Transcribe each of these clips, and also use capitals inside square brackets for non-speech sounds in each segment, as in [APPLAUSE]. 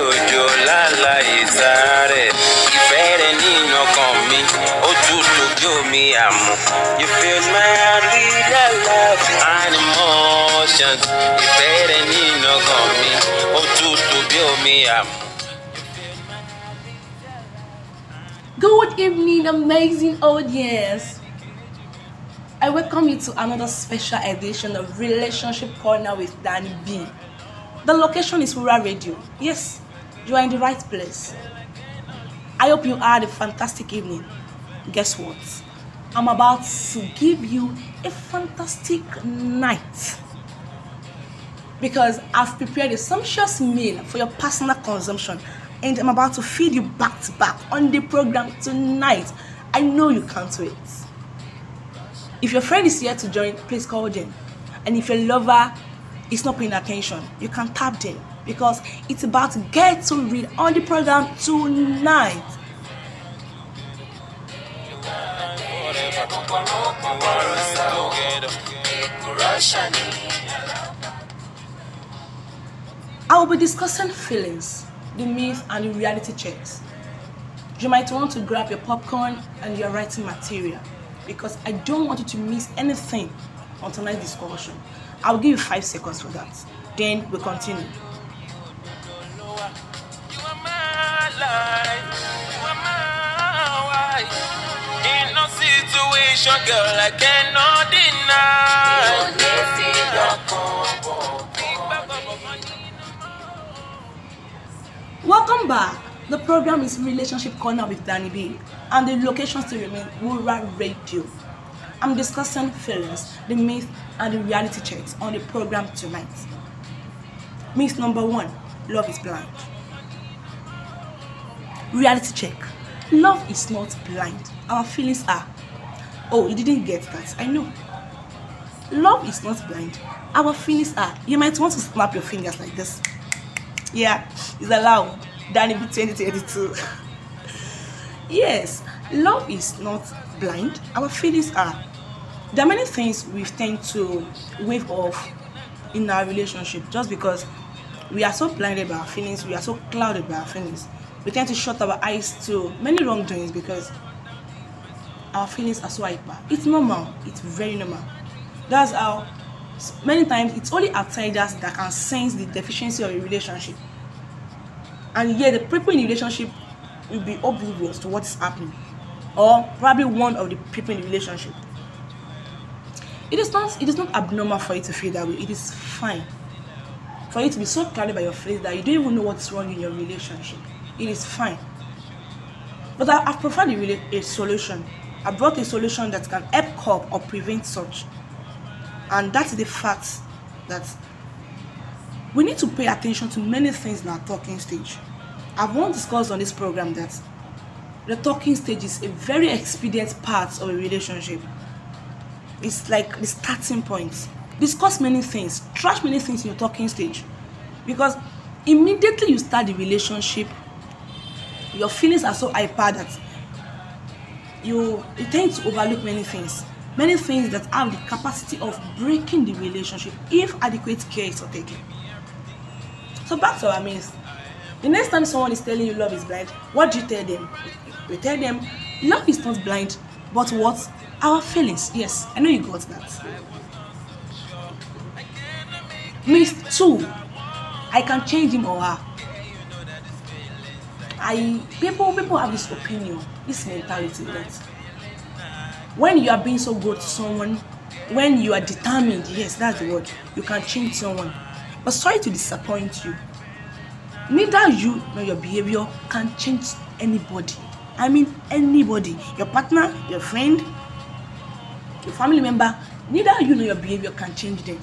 òjò lálá mi omi you feel my real love and emotion mi omi Good evening, amazing audience. I welcome you to another special edition of Relationship Corner with Danny B. The location is Rural Radio. Yes, you are in the right place. I hope you had a fantastic evening. Guess what? I'm about to give you a fantastic night because I've prepared a sumptuous meal for your personal consumption and I'm about to feed you back to back on the program tonight. I know you can't wait. If your friend is here to join, please call them. And if your lover is not paying attention, you can tap them because it's about Get to Read on the program tonight. I will be discussing feelings, the myth, and the reality checks. You might want to grab your popcorn and your writing material because I don't want you to miss anything on tonight's discussion. I'll give you five seconds for that. Then we continue. situation, girl, I cannot deny. Welcome back. The program is Relationship Corner with Danny B, and the location still remains Rural Radio. I'm discussing feelings, the myth, and the reality checks on the program tonight. Myth number one love is blind. Reality check love is not blind, our feelings are. Oh, you didn't get that. I know. Love is not blind. Our feelings are. You might want to snap your fingers like this. Yeah, it's allowed. Danny B 2022. [LAUGHS] yes, love is not blind. Our feelings are. There are many things we tend to wave off in our relationship just because we are so blinded by our feelings, we are so clouded by our feelings. We tend to shut our eyes to many wrongdoings because our feelings are so hyper. It's normal. It's very normal. That's how many times it's only outsiders that can sense the deficiency of a relationship. And yet the people in the relationship will be oblivious to what's happening. Or probably one of the people in the relationship. It is not it is not abnormal for you to feel that way. It is fine. For you to be so clouded by your feelings that you don't even know what's wrong in your relationship. It is fine. But I, I prefer a, a solution I brought a solution that can help curb or prevent such. And that's the fact that we need to pay attention to many things in our talking stage. I've once discussed on this program that the talking stage is a very expedient part of a relationship. It's like the starting point. Discuss many things, trash many things in your talking stage. Because immediately you start the relationship, your feelings are so hyper that you you tend to overlook many things many things that have the capacity of breaking the relationship if adequate care is not taken so back to our means the next time someone is telling you love is blind what do you tell them we tell them love is not blind but what our feelings yes i know you got that Miss two i can change him or her i people people have this opinion This mentality that when you are being so good to someone, when you are determined, yes, that's the word, you can change someone. But sorry to disappoint you. Neither you nor your behavior can change anybody. I mean anybody. Your partner, your friend, your family member, neither you nor your behavior can change them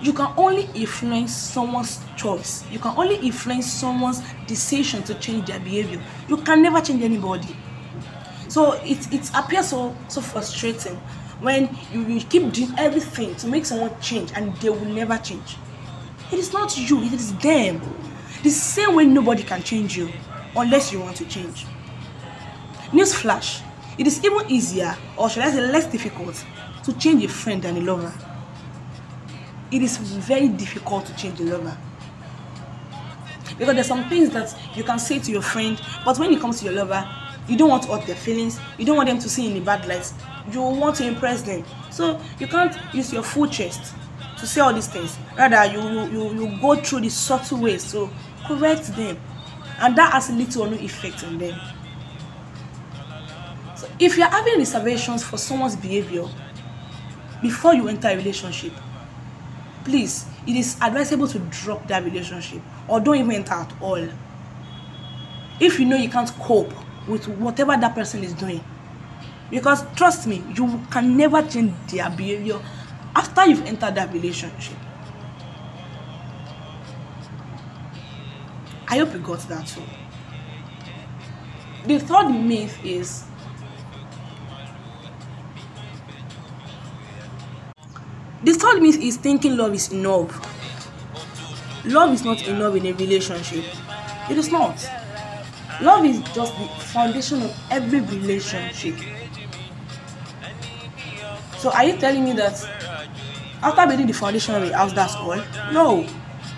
you can only influence someone's choice you can only influence someone's decision to change their behavior you can never change anybody so it it appears so so frustrating when you you keep doing everything to make someone change and they will never change it is not you it is them the same way nobody can change you unless you want to change newsflash it is even easier or should i say less difficult to change a friend than a lover it is very difficult to change a lover because there's some things that you can say to your friend but when it comes to your lover you don't want to hurt their feelings you don't want them to see in bad light you want to impress them so you can't use your full chest to say all these things rather you you you, go through the subtle ways to correct them and that has little or no effect on them so if you're having reservations for someone's behavior before you enter a relationship please it is advisable to drop that relationship or don't even enter at all if you know you can't cope with whatever that person is doing because trust me you can never change their behavior after you've entered that relationship i hope you got that too the third myth is The third myth is thinking love is enough. Love is not enough in a relationship. It is not. Love is just the foundation of every relationship. So are you telling me that after building the foundation of a house, that's all? No.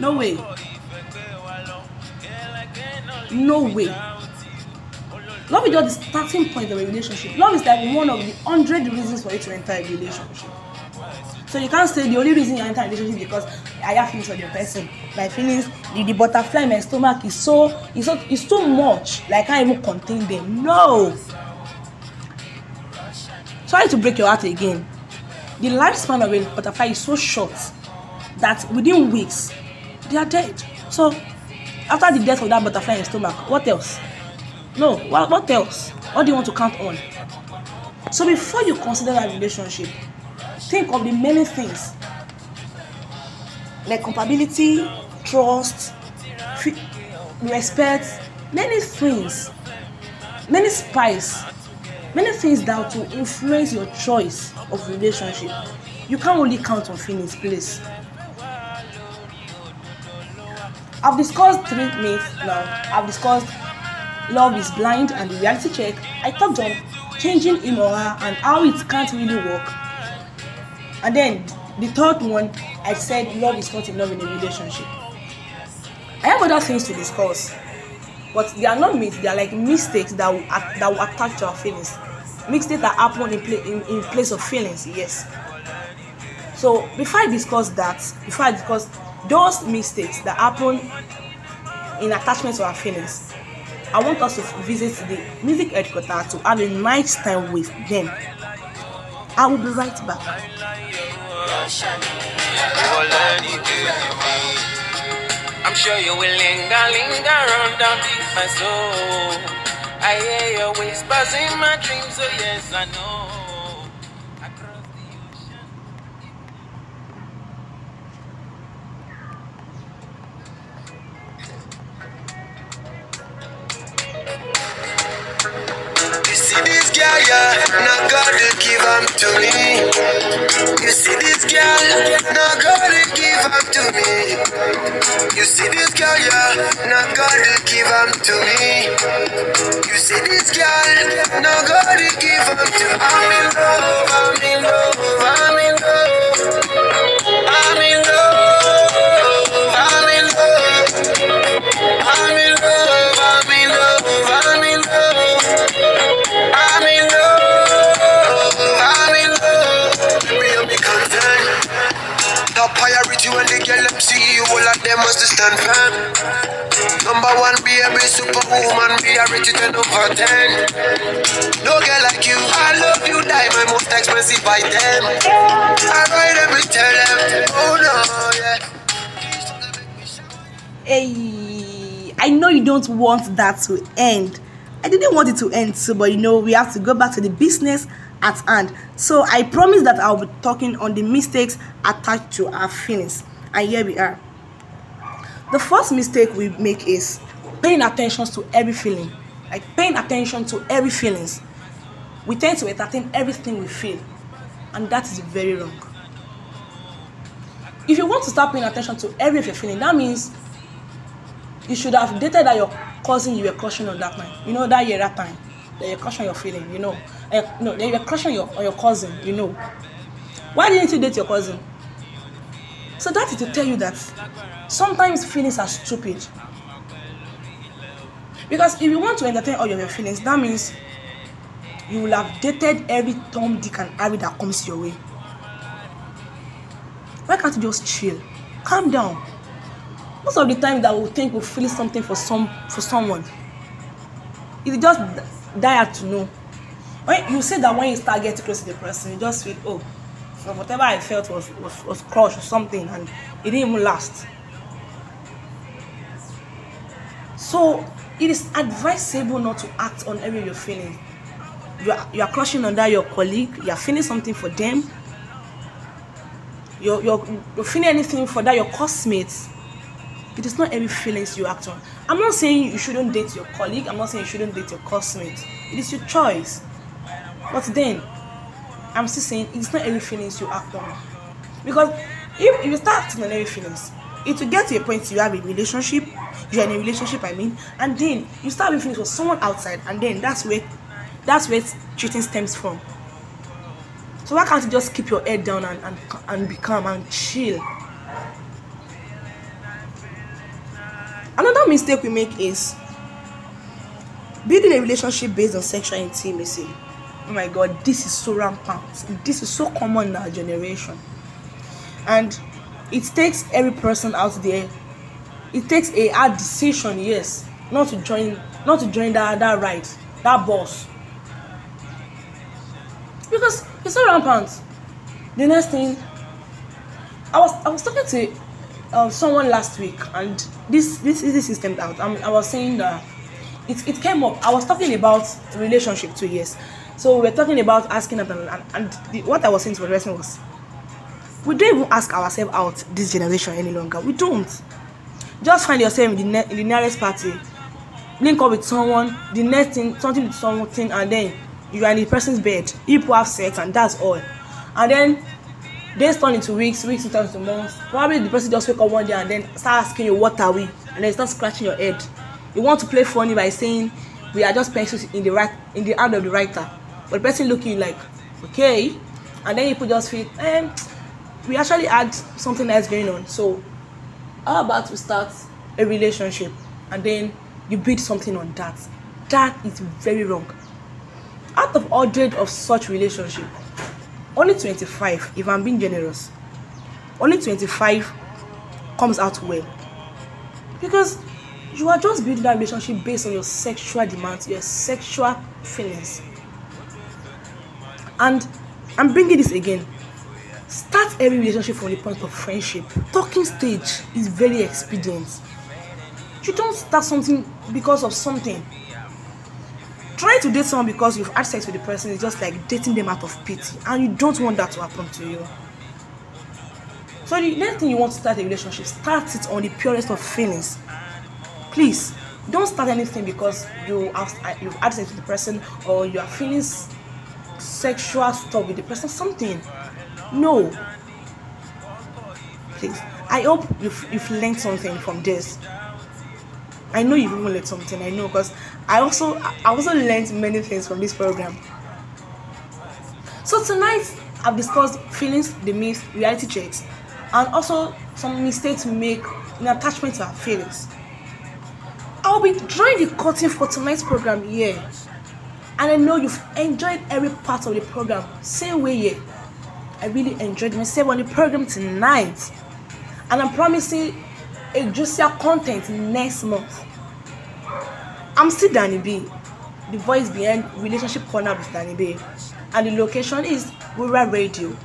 No way. No way. Love is just the starting point of a relationship. Love is like one of the hundred reasons for you to enter a relationship. So you can't say the only reason you're enter a relationship because I have feelings for the person. My feelings, the, the butterfly in my stomach is so it's so it's too much. Like I can't even contain them. No. Try to break your heart again. The lifespan of a butterfly is so short that within weeks they are dead. So after the death of that butterfly in your stomach, what else? No, what, what else? What do you want to count on? So before you consider that relationship, think of the many things like compatibility, trust, respect, many things, many spice, many things that will influence your choice of relationship. You can't only count on feelings, please. I've discussed three myths now. I've discussed love is blind and the reality check. I talked on changing him or her and how it can't really work and then the third one i said love is not enough in a relationship i have other things to discuss but they are not myths they are like mistakes that will, that will attach to our feelings mistakes that happen in, pla- in, in place of feelings yes so before i discuss that before i discuss those mistakes that happen in attachment to our feelings i want us to visit the music headquarters to have a nice time with them I will be right back. I'm sure you will linger, linger on down deep my soul. I hear your whispers in my dreams, so yes, I know. up to me. You see this girl, not gonna give up to me. You see this girl, yeah, not gonna give up to me. You see this girl, not gonna give up to me. I'm in love, I'm in love. I'm them must stand firm. Number one, be a superwoman, be a rich ten over ten. No girl like you, I love you, diamond, most expensive I tell them, oh no, yeah. Hey, I know you don't want that to end. I didn't want it to end, so but you know we have to go back to the business at hand. So I promise that I'll be talking on the mistakes attached to our feelings, and here we are. The first mistake we make is paying attention to every feeling, like paying attention to every feelings. We tend to entertain everything we feel, and that is very wrong. If you want to start paying attention to every of your feeling, that means you should have dated that your cousin you were crushing on that time. You know that year that time that you're crushing your feeling. You know, uh, no, that you're crushing your on your cousin. You know, why didn't you date your cousin? So that is to tell you that sometimes feelings are stupid. Because if you want to entertain all of your feelings, that means you will have dated every Tom, Dick, and Harry that comes your way. Why can't you just chill? Calm down. Most of the time that we think we feel something for some for someone, it just dire to know. When you say that when you start getting close to the person, you just feel, oh, So whatever I felt was, was, was crushed or something and it didn't even last. So it is advisable not to act on every your feeling. You are, you are crushing under your colleague, you are feeling something for them. You're, you're, you're feeling anything for that, your classmates? It is not every feelings you act on. I'm not saying you shouldn't date your colleague, I'm not saying you shouldn't date your classmates. It is your choice. But then I'm still saying it's not every feelings you act on. Because if, if you start acting on every feelings, it will get to a point you have a relationship, you're in a relationship, I mean, and then you start having feelings for someone outside, and then that's where that's where cheating stems from. So why can't you just keep your head down and, and, and be calm and chill? Another mistake we make is building a relationship based on sexual intimacy oh my god this is so rampant this is so common in our generation and it takes every person out there it takes a hard decision yes not to join not to join that that ride that bus because it's so rampant the next thing i was i was talking to uh, someone last week and this this is the system out I, mean, I was saying that it, it came up i was talking about relationship two years so we were talking about asking and, and, and the, what I was saying to the person was, we don't even ask ourselves out this generation any longer. We don't. Just find yourself in the, ne- in the nearest party, link up with someone, the next thing, something with something, and then you are in the person's bed. People have sex, and that's all. And then days turn into weeks, weeks turn into months. Probably the person just wake up one day and then start asking you, What are we? And then start scratching your head. You want to play funny by saying, We are just pencils in the right in the hand of the writer. but the person looking like okay and then you just feel eh, we actually had something else going on so how about we start a relationship and then you build something on that that is very wrong out of hundred of such relationship only twenty-five if i'm being generous only twenty-five comes out well because you are just building that relationship based on your sexual demands your sexual feelings And I'm bringing this again. Start every relationship from the point of friendship. Talking stage is very expedient. You don't start something because of something. Trying to date someone because you've had sex with the person is just like dating them out of pity, and you don't want that to happen to you. So the next thing you want to start a relationship, start it on the purest of feelings. Please don't start anything because you have you've had sex with the person or you are feeling sexual stuff with the person, something. No. Please. I hope you've, you've learned something from this. I know you've even learned something, I know, because I also I also learned many things from this program. So tonight I've discussed feelings, the myth, reality checks, and also some mistakes we make in attachment to our feelings. I'll be drawing the curtain for tonight's program here. And I know you've enjoyed every part of the program. Say way yeah. I really enjoyed myself on the program tonight. And I'm promising a juicier content next month. I'm still Danny B, the voice behind Relationship Corner with Danny B. And the location is Wura Radio.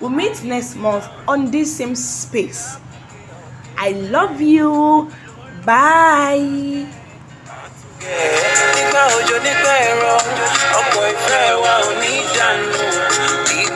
We'll meet next month on this same space. I love you. Bye. nígbà òjò nígbà ẹ̀rọ ọkọ̀ ìfẹ́ wa ò ní dànù.